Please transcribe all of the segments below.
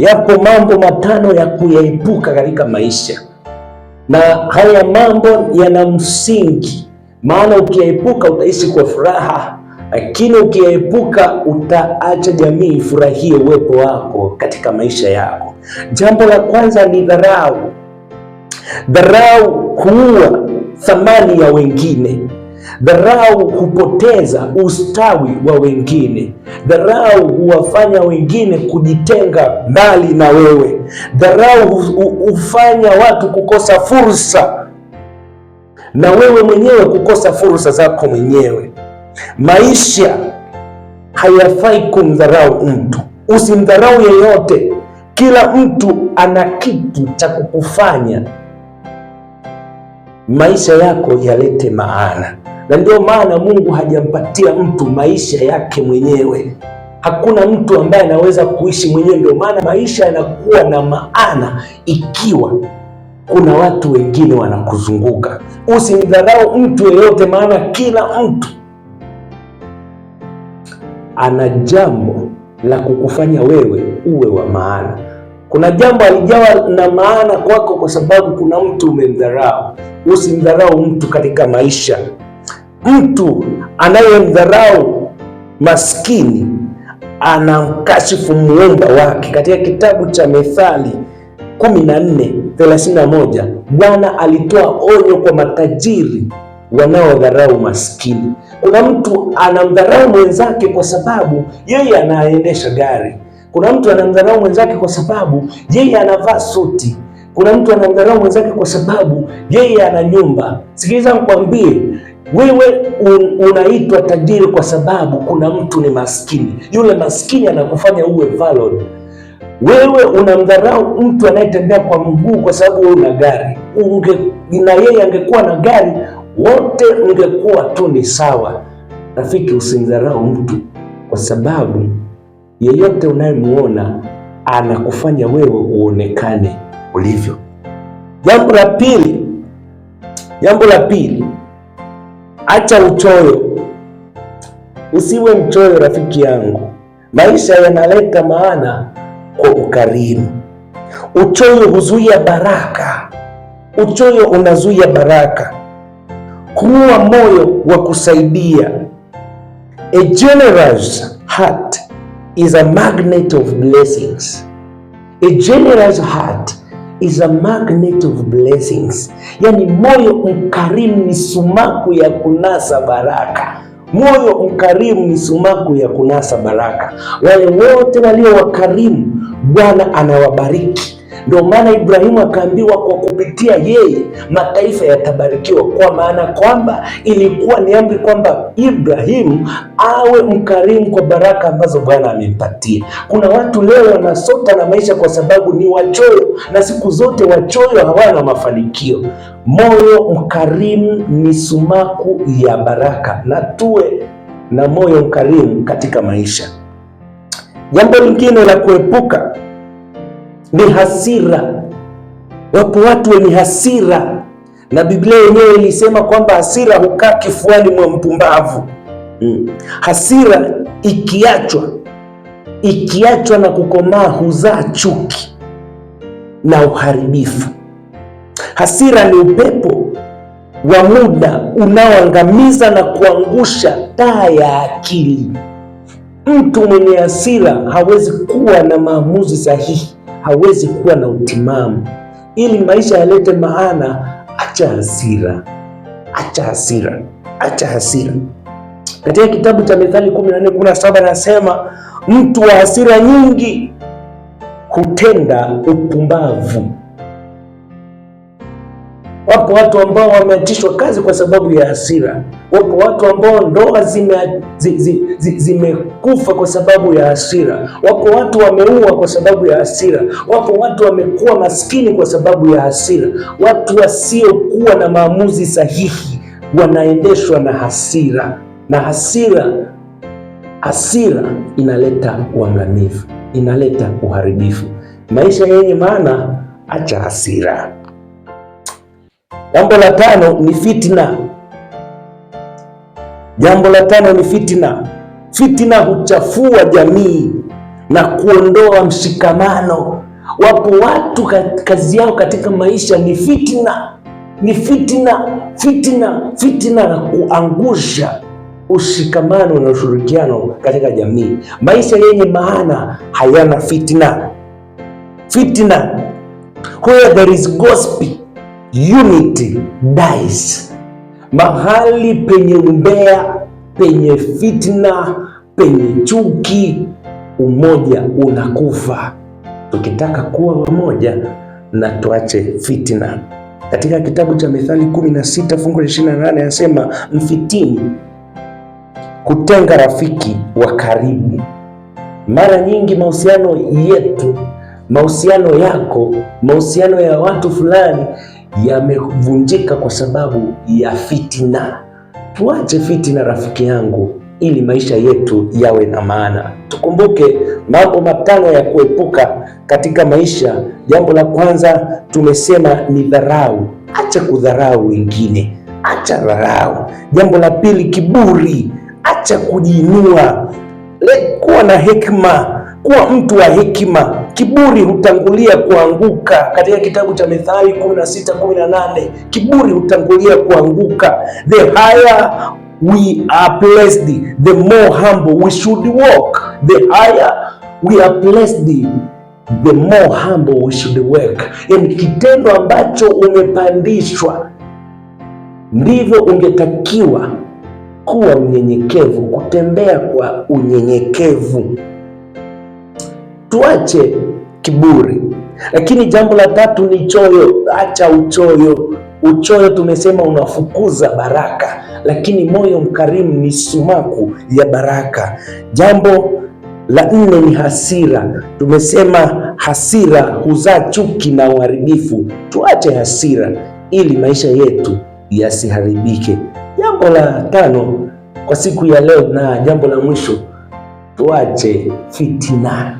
Yapo mambo matano ya kuyaepuka katika maisha, na haya mambo yana msingi, maana ukiyaepuka utaishi kwa furaha, lakini ukiyaepuka utaacha jamii ifurahie uwepo wako katika maisha yako. Jambo la kwanza ni dharau. Dharau huua thamani ya wengine. Dharau hupoteza ustawi wa wengine. Dharau huwafanya wengine kujitenga mbali na wewe. Dharau hufanya watu kukosa fursa na wewe mwenyewe kukosa fursa zako mwenyewe. Maisha hayafai kumdharau mtu, usimdharau yeyote. Kila mtu ana kitu cha kukufanya maisha yako yalete maana, na ndio maana Mungu hajampatia mtu maisha yake mwenyewe. Hakuna mtu ambaye anaweza kuishi mwenyewe. Ndio maana maisha yanakuwa na maana ikiwa kuna watu wengine wanakuzunguka. Usimdharau mtu yeyote, maana kila mtu ana jambo la kukufanya wewe uwe wa maana. Kuna jambo alijawa na maana kwako kwa sababu kuna mtu umemdharau. Usimdharau mtu katika maisha. Mtu anayemdharau maskini anamkashifu muumba wake. Katika kitabu cha Methali 14:31 Bwana alitoa onyo kwa matajiri wanaodharau maskini. Kuna mtu anamdharau mwenzake kwa sababu yeye anaendesha gari kuna mtu anamdharau mwenzake kwa sababu yeye anavaa suti. Kuna mtu anamdharau mwenzake kwa sababu yeye ana nyumba. Sikiliza nikwambie, wewe un, unaitwa tajiri kwa sababu kuna mtu ni maskini. Yule maskini anakufanya uwe valid. Wewe unamdharau mtu anayetembea kwa mguu kwa sababu wewe una gari. Unge, na yeye angekuwa na gari, wote ungekuwa tu ni sawa. Rafiki, usimdharau mtu kwa sababu yeyote unayemuona anakufanya wewe uonekane ulivyo. Jambo la pili, jambo la pili, acha uchoyo. Usiwe mchoyo, rafiki yangu. Maisha yanaleta maana kwa ukarimu. Uchoyo huzuia baraka. Uchoyo unazuia baraka. Kuwa moyo wa kusaidia, a generous heart is a magnet of blessings. A generous heart is a magnet of blessings. Yani, moyo mkarimu ni sumaku ya kunasa baraka. Moyo mkarimu ni sumaku ya kunasa baraka. Wale wote walio wakarimu, Bwana anawabariki. Ndio maana Ibrahimu akaambiwa kwa kupitia yeye mataifa yatabarikiwa, kwa maana kwamba ilikuwa ni amri kwamba Ibrahimu awe mkarimu kwa baraka ambazo Bwana amempatia. Kuna watu leo wanasota na maisha kwa sababu ni wachoyo, na siku zote wachoyo hawana mafanikio. Moyo mkarimu ni sumaku ya baraka, na tuwe na moyo mkarimu katika maisha. Jambo lingine la kuepuka ni hasira. Wapo watu wenye hasira, na Biblia yenyewe ilisema kwamba hasira hukaa kifuani mwa mpumbavu. Hmm. Hasira ikiachwa ikiachwa na kukomaa huzaa chuki na uharibifu. Hasira ni upepo wa muda unaoangamiza na kuangusha taa ya akili. Mtu mwenye hasira hawezi kuwa na maamuzi sahihi hawezi kuwa na utimamu. Ili maisha yalete maana, acha hasira, acha hasira, acha hasira. Katika kitabu cha Mithali 14:17 nasema, mtu wa hasira nyingi hutenda upumbavu. Wapo watu ambao wameachishwa kazi kwa sababu ya hasira. Wapo watu ambao ndoa zimekufa zi, zi, zi, kwa sababu ya hasira. Wapo watu wameua kwa sababu ya hasira. Wapo watu wamekuwa maskini kwa sababu ya hasira. Watu wasiokuwa na maamuzi sahihi wanaendeshwa na hasira, na hasira, hasira inaleta uangamivu, inaleta uharibifu. Maisha yenye maana, acha hasira. Jambo la tano ni fitna. Jambo la tano ni fitna. Fitna huchafua jamii na kuondoa mshikamano. Wapo watu kazi yao katika maisha ni fitna, ni fitna, fitna, fitna na kuangusha ushikamano na ushirikiano katika jamii. Maisha yenye maana hayana fitna. Fitna, where there is gossip unity dies. Mahali penye umbea, penye fitna, penye chuki, umoja unakufa. Tukitaka kuwa wamoja na tuache fitna. Katika kitabu cha Mithali 16 fungu 28 anasema mfitini kutenga rafiki wa karibu. Mara nyingi mahusiano yetu, mahusiano yako, mahusiano ya watu fulani yamevunjika kwa sababu ya fitina. Tuache fitina, rafiki yangu, ili maisha yetu yawe na maana. Tukumbuke mambo matano ya kuepuka katika maisha. Jambo la kwanza tumesema ni dharau. Acha kudharau wengine, acha dharau. Jambo la pili, kiburi. Acha kujiinua, kuwa na hekima kuwa mtu wa hekima. Kiburi hutangulia kuanguka, katika kitabu cha Methali 16:18 kiburi hutangulia kuanguka. The higher we are blessed, the more humble we should walk. The higher we are blessed, the more humble we should walk. Yani kitendo ambacho umepandishwa ndivyo ungetakiwa kuwa unyenyekevu, kutembea kwa unyenyekevu tuache kiburi. Lakini jambo la tatu ni choyo. Acha uchoyo. Uchoyo tumesema unafukuza baraka, lakini moyo mkarimu ni sumaku ya baraka. Jambo la nne ni hasira. Tumesema hasira huzaa chuki na uharibifu. Tuache hasira ili maisha yetu yasiharibike. Jambo la tano kwa siku ya leo na jambo la mwisho, tuache fitina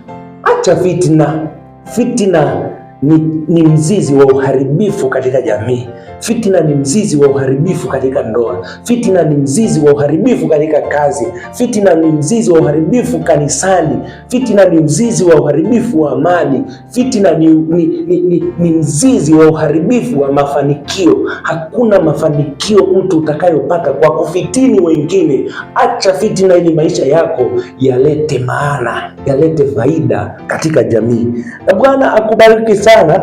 acha fitna. Fitna ni, ni mzizi wa uharibifu katika jamii. Fitina ni mzizi wa uharibifu katika ndoa. Fitina ni mzizi wa uharibifu katika kazi. Fitina ni mzizi wa uharibifu kanisani. Fitina ni mzizi wa uharibifu wa amani. Fitina ni, ni, ni, ni, ni mzizi wa uharibifu wa mafanikio. Hakuna mafanikio mtu utakayopata kwa kufitini wengine. Acha fitina ili maisha yako yalete maana, yalete faida katika jamii, na Bwana akubariki sana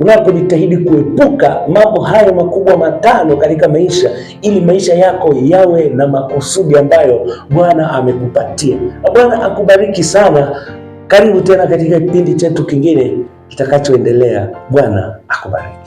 unapojitahidi kuepuka mambo hayo makubwa matano katika maisha, ili maisha yako yawe na makusudi ambayo Bwana amekupatia. Bwana akubariki sana. Karibu tena katika kipindi chetu kingine kitakachoendelea. Bwana akubariki.